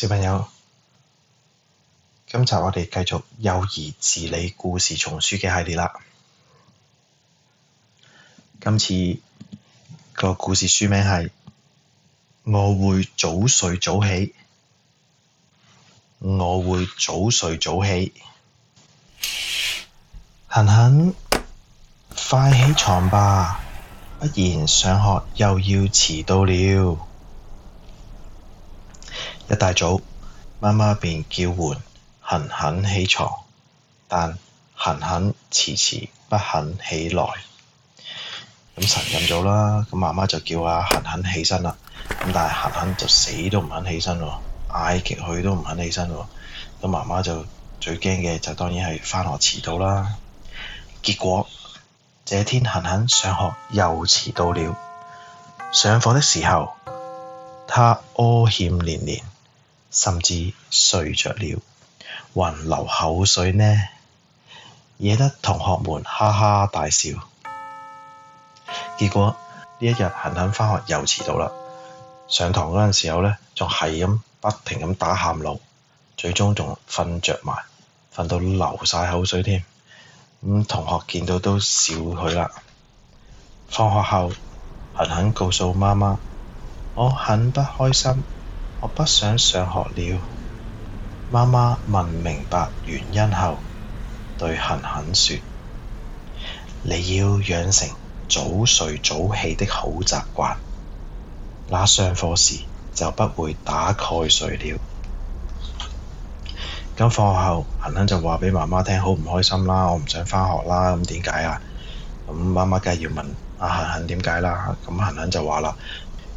小朋友，今集我哋繼續幼兒自理故事叢書嘅系列啦。今次個故事書名係《我會早睡早起》，我會早睡早起。行行，快起床吧，不然上學又要遲到了。一大早，媽媽便叫喚恒恒起床，但恒恒遲遲不肯起來。咁晨咁早啦，咁媽媽就叫阿恒恒起身啦。咁但係恒恒就死都唔肯起身喎，嗌極佢都唔肯起身喎。咁媽媽就最驚嘅就當然係返學遲到啦。結果，這天恒恒上學又遲到了。上課的時候，他呵欠連連。甚至睡着了，還流口水呢，惹得同學們哈哈大笑。結果呢一日，行行返學又遲到啦。上堂嗰陣時候呢，仲係咁不停咁打喊路，最終仲瞓着埋，瞓到流晒口水添。咁同學見到都笑佢啦。放學後，行行告訴媽媽：，我很不開心。我不想上學了，媽媽問明白原因後，對恒恒說：你要養成早睡早起的好習慣，那上課時就不會打瞌睡了。咁課後，恒恒就話俾媽媽聽：好唔開心啦，我唔想返學啦。咁點解啊？咁媽媽梗係要問阿恒恒點解啦。咁恒恒就話啦。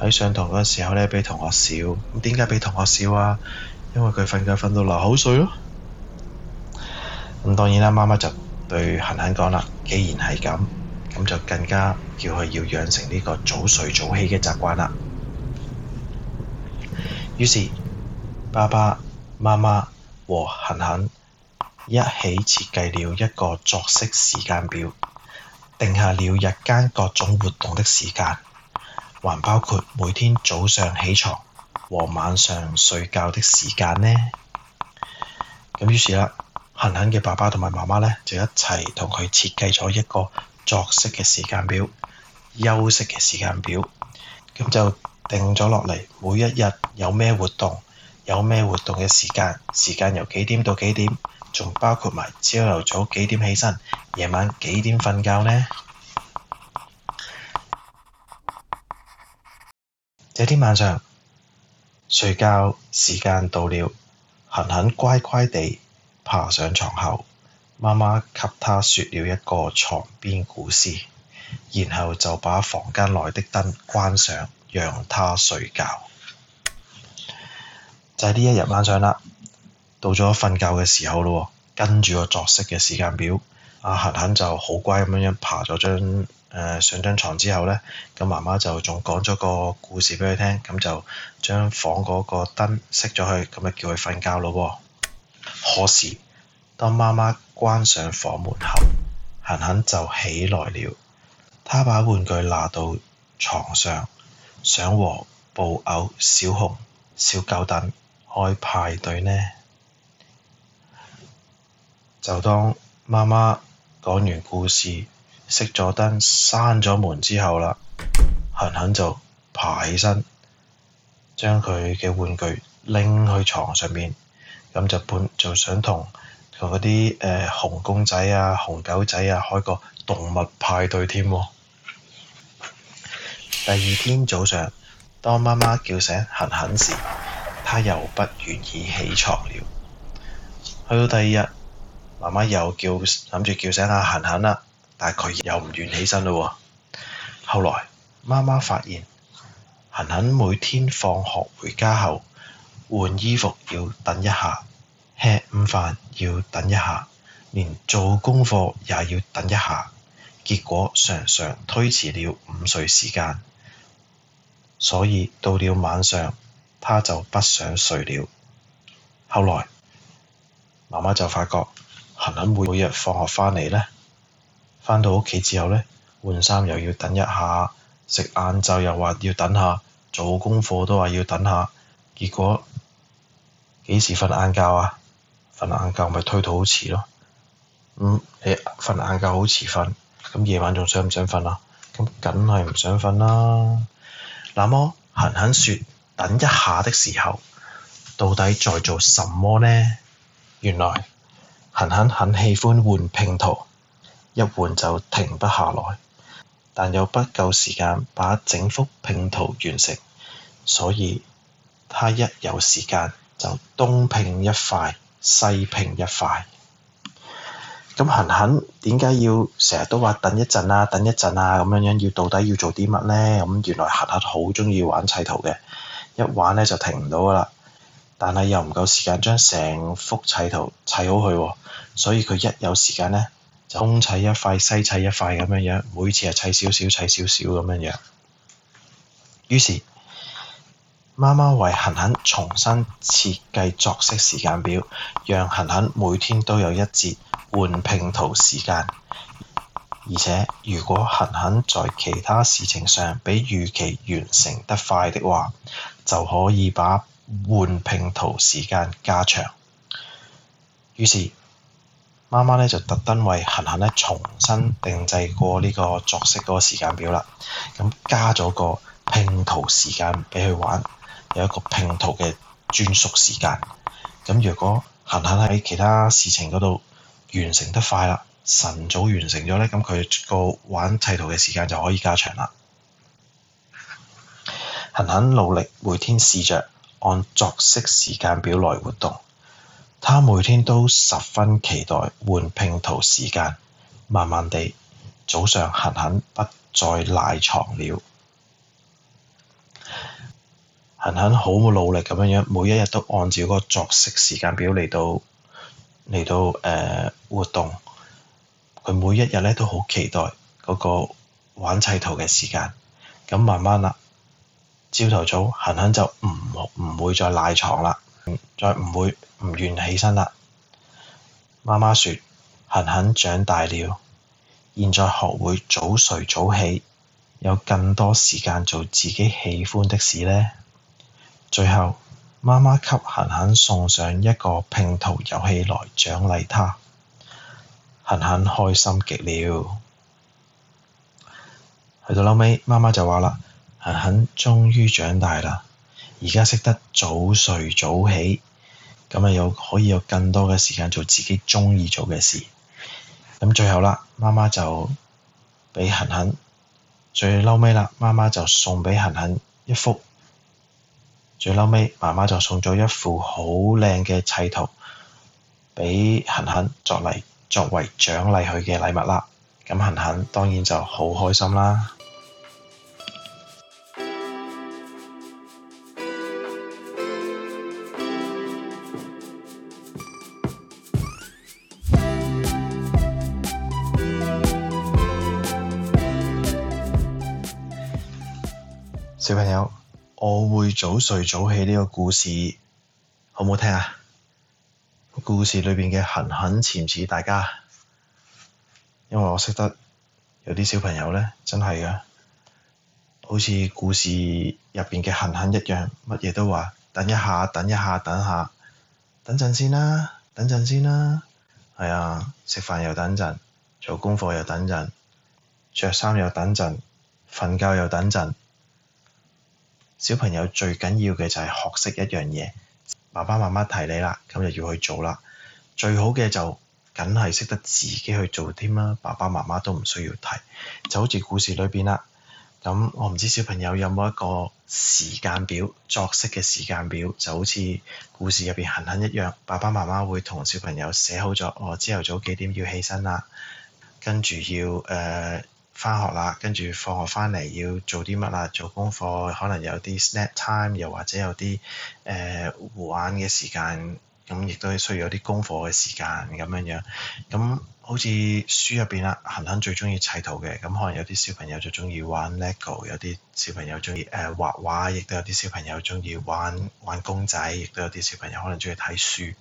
喺上堂嗰時候呢，畀同學笑。咁點解畀同學笑啊？因為佢瞓覺瞓到流口水咯。咁當然啦，媽媽就對行行講啦：既然係咁，咁就更加叫佢要養成呢個早睡早起嘅習慣啦。於是，爸爸、媽媽和行行一起設計了一個作息時間表，定下了日間各種活動的時間。還包括每天早上起床和晚上睡覺的時間呢？咁於是啦，行行嘅爸爸同埋媽媽咧，就一齊同佢設計咗一個作息嘅時間表、休息嘅時間表，咁就定咗落嚟，每一日有咩活動，有咩活動嘅時間，時間由幾點到幾點，仲包括埋朝頭早幾點起身，夜晚幾點瞓覺呢？有天晚上，睡覺時間到了，恒恒乖乖地爬上床後，媽媽給他說了一個床邊故事，然後就把房間內的燈關上，讓他睡覺。就喺、是、呢一日晚上啦，到咗瞓覺嘅時候咯，跟住個作息嘅時間表，阿恒恒就好乖咁樣樣爬咗張。呃、上張床之後呢，咁媽媽就仲講咗個故事俾佢聽，咁就將房嗰個燈熄咗佢，咁咪叫佢瞓覺咯。可是，當媽媽關上房門後，行行就起來了。她把玩具拿到床上，想和布偶小熊、小狗等開派對呢。就當媽媽講完故事，熄咗燈、閂咗門之後啦，行行就爬起身，將佢嘅玩具拎去床上面，咁就本就想同同嗰啲誒熊公仔啊、熊狗仔啊開個動物派對添。第二天早上，當媽媽叫醒行行時，他又不願意起床了。去到第二日，媽媽又叫諗住叫醒阿行行啦。大概又唔願起身咯，哦。後來媽媽發現，行行每天放學回家後換衣服要等一下，吃午飯要等一下，連做功課也要等一下，結果常常推遲了午睡時間。所以到了晚上，他就不想睡了。後來媽媽就發覺，行行每每日放學翻嚟呢，翻到屋企之後呢，換衫又要等一下，食晏晝又話要等下，做功課都話要等下，結果幾時瞓晏覺啊？瞓晏覺咪推到好遲咯。嗯，你瞓晏覺好遲瞓，咁夜晚仲想唔想瞓啊？咁梗係唔想瞓啦。那麼，行行説等一下的時候，到底在做什麼呢？原來，行行很喜歡換拼圖。一換就停不下來，但又不夠時間把整幅拼圖完成，所以他一有時間就東拼一塊，西拼一塊。咁行行點解要成日都話等一陣啊，等一陣啊咁樣樣，要到底要做啲乜呢？咁原來行行好鍾意玩砌圖嘅，一玩呢就停唔到㗎喇，但係又唔夠時間將成幅砌圖砌好去，所以佢一有時間呢。東砌一塊，西砌一塊咁樣樣，每次係砌少少，砌少少咁樣樣。於是，媽媽為恒恒重新設計作息時間表，讓恒恒每天都有一節換拼圖時間。而且，如果恒恒在其他事情上比預期完成得快的話，就可以把換拼圖時間加長。於是。媽媽咧就特登為恒恒咧重新定製過呢個作息嗰個時間表啦，咁加咗個拼圖時間俾佢玩，有一個拼圖嘅專屬時間。咁如果恒恒喺其他事情嗰度完成得快啦，晨早完成咗咧，咁佢個玩砌圖嘅時間就可以加長啦。恒恒努力每天試着按作息時間表來活動。他每天都十分期待換拼圖時間，慢慢地，早上行行不再賴床了。行行好努力咁樣樣，每一日都按照嗰個作息時間表嚟到嚟到誒、呃、活動。佢每一日咧都好期待嗰個玩砌圖嘅時間，咁慢慢啦，朝頭早行行就唔唔會再賴床啦。再唔會唔願起身啦。媽媽說，恒恒長大了，現在學會早睡早起，有更多時間做自己喜歡的事呢。最後，媽媽給恒恒送上一個拼圖遊戲來獎勵他。恒恒開心極了。去到老尾，媽媽就話啦，恒恒終於長大啦。而家識得早睡早起，咁啊又可以有更多嘅時間做自己中意做嘅事。咁最後啦，媽媽就俾行行最嬲尾啦，媽媽就送俾行行一幅最嬲尾，媽媽就送咗一幅好靚嘅砌圖俾行行作嚟作為獎勵佢嘅禮物啦。咁行行當然就好開心啦。早睡早起呢個故事好唔好聽啊？故事裏邊嘅行行似唔似大家？因為我識得有啲小朋友咧，真係㗎，好似故事入邊嘅行行一樣，乜嘢都話等一下，等一下，等下，等陣先啦，等陣先啦。係啊，食飯又等陣，做功課又等陣，着衫又等陣，瞓覺又等陣。小朋友最緊要嘅就係學識一樣嘢，爸爸媽媽提你啦，咁就要去做啦。最好嘅就是，梗係識得自己去做添啦，爸爸媽媽都唔需要提。就好似故事裏邊啦，咁我唔知小朋友有冇一個時間表，作息嘅時間表，就好似故事入邊行行一樣，爸爸媽媽會同小朋友寫好咗，我朝頭早幾點要起身啦，跟住要誒。呃翻學啦，跟住放學翻嚟要做啲乜啊？做功課，可能有啲 snack time，又或者有啲誒、呃、玩嘅時間，咁亦都需要有啲功課嘅時間咁樣樣。咁好似書入邊啦，行行最中意砌圖嘅，咁可能有啲小朋友最中意玩 Lego，有啲小朋友中意誒畫畫，亦都有啲小朋友中意玩玩公仔，亦都有啲小朋友可能中意睇書。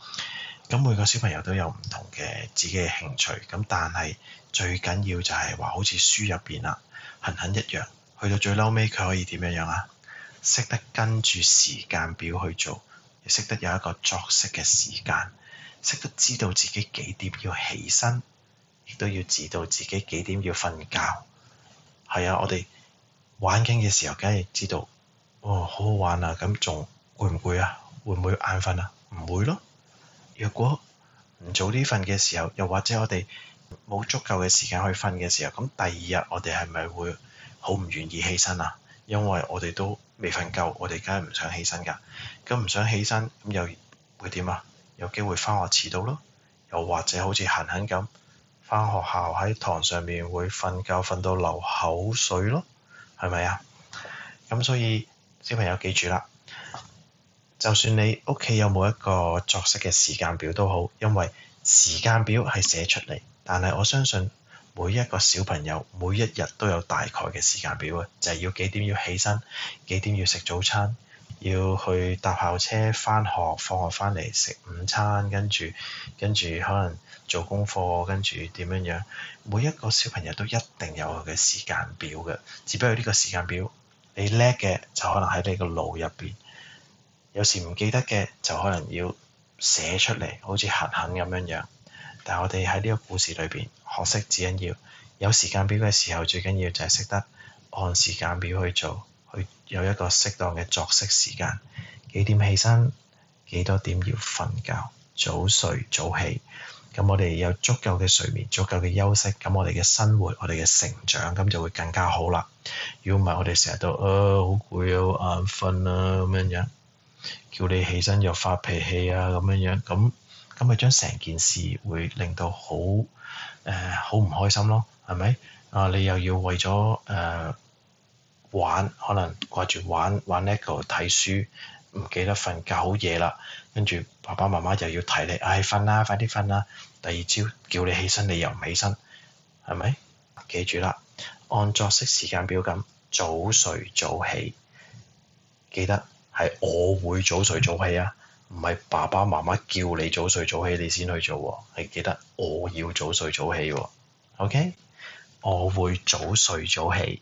咁每個小朋友都有唔同嘅自己嘅興趣，咁但係。最緊要就係話好似書入邊啦，行行一樣，去到最嬲尾佢可以點樣樣啊？識得跟住時間表去做，亦識得有一個作息嘅時間，識得知道自己幾點要起身，亦都要知道自己幾點要瞓覺。係啊，我哋玩緊嘅時候，梗係知道，哦，好好玩啊！咁仲攰唔攰啊？會唔會眼瞓啊？唔會咯。若果唔早啲瞓嘅時候，又或者我哋。冇足夠嘅時間去瞓嘅時候，咁第二日我哋係咪會好唔願意起身啊？因為我哋都未瞓夠，我哋梗係唔想起身㗎。咁唔想起身，咁又會點啊？有機會返學遲到咯，又或者好似行行咁返學校喺堂上面會瞓覺，瞓到流口水咯，係咪啊？咁所以小朋友記住啦，就算你屋企有冇一個作息嘅時間表都好，因為時間表係寫出嚟。但係我相信每一個小朋友每一日都有大概嘅時間表嘅，就係要幾點要起身，幾點要食早餐，要去搭校車翻學，放學翻嚟食午餐，跟住跟住可能做功課，跟住點樣樣。每一個小朋友都一定有佢嘅時間表嘅，只不過呢個時間表你叻嘅就可能喺你個腦入邊，有時唔記得嘅就可能要寫出嚟，好似行行咁樣樣。但係我哋喺呢個故事裏邊學識，最緊要有時間表嘅時候，最緊要就係識得按時間表去做，去有一個適當嘅作息時間，幾點起身，幾多點要瞓覺，早睡早起，咁我哋有足夠嘅睡眠，足夠嘅休息，咁我哋嘅生活，我哋嘅成長，咁就會更加好啦。如果唔係，我哋成日都，啊好攰啊，眼瞓啊，咁樣樣，叫你起身又發脾氣啊，咁樣樣，咁。咁咪將成件事會令到好誒好唔開心咯，係咪？啊，你又要為咗誒、呃、玩，可能掛住玩玩呢 e 睇書，唔記得瞓覺好夜啦，跟住爸爸媽媽又要提你，唉、哎，瞓啦，快啲瞓啦！第二朝叫你起身，你又唔起身，係咪？記住啦，按作息時間表咁早睡早起，記得係我會早睡早起啊！嗯唔係爸爸媽媽叫你早睡早起，你先去做喎，係記得我要早睡早起喎。OK，我會早睡早起。